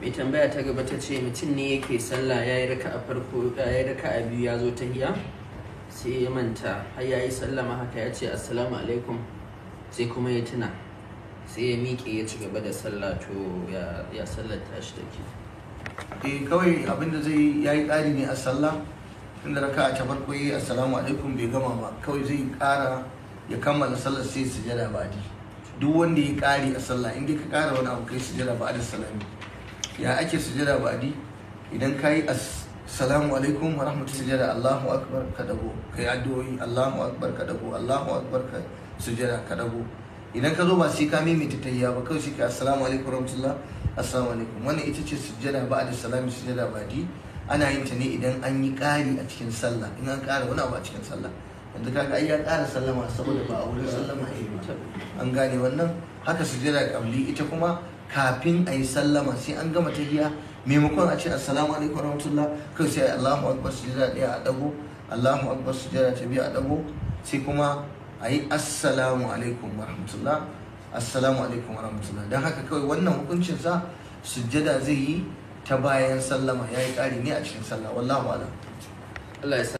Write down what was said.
mai tambaya ta gaba ta ce mutum ne yake sallah ya yi raka a farko ya yi raka a biyu ya zo ta hiya sai ya manta har ya yi ma haka ya ce assalamu alaikum sai kuma ya tuna sai ya miƙe ya ci gaba da sallah to ya sallar da take eh kawai abin da zai ya yi ƙari ne a sallah inda raka a ta farko yi assalamu alaikum bai gama ba kawai zai ƙara ya kammala sallar sai sujada ba duk wanda ya ƙari a sallah in dai ka ƙara wani abu kai sujada ba da salami ya ake sujada ba'di idan ka yi assalamu alaikum wa rahmatullahi da Allahu akbar ka dago ka yi addu'o'i Allahu akbar ka dago Allahu akbar ka sujada ka dago idan ka zo ba sai ka mimita tayya ba kawai sai ka assalamu alaikum rahmatullah assalamu alaikum wannan ita ce sujada ba'da salami sujada ba'di ana yin ta ne idan an yi ƙari a cikin sallah in an ƙara wani abu a cikin sallah yanzu kaga ai ya ƙara sallama saboda ba a wurin sallama a yi ba an gane wannan haka sujada kabli ita kuma kafin a yi sallama sai an gama tahiya maimakon a ce assalamu alaikum rahmatullah kai sai Allahu akbar sujada ɗaya a dago Allahu akbar sujada ta biyu a dago sai kuma a yi assalamu alaikum rahmatullah assalamu alaikum rahmatullah don haka kawai wannan hukuncin sa sujada zai yi ta bayan sallama ya yi ƙari ne a cikin sallah wallahu alam Allah ya